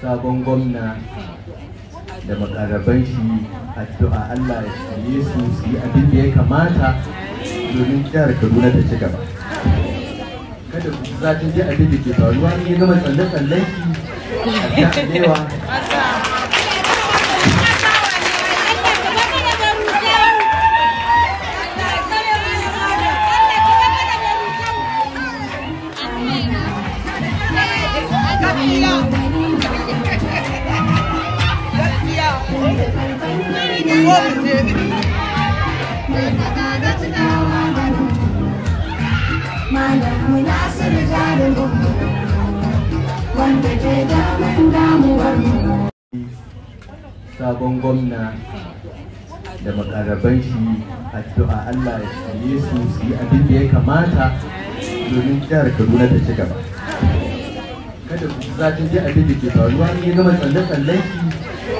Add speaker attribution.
Speaker 1: sabon gwamna da makaraban shi addu'a Allah ya tsaye su su yi abin da ya kamata domin jihar Kaduna ta ci gaba. Kada ku zata ji abin da ke faruwa ne ya gama tsalle-tsallen shi a jihar
Speaker 2: Malamu wanda ke damun damuwar
Speaker 1: Sabon gwamna da makaraban shi addu'a Allah ya shirye su su yi abin da ya kamata domin jihar Kaduna ta ci gaba. Kada ku zaton ji abin da ke faruwa ne gama tsalle-tsallen shi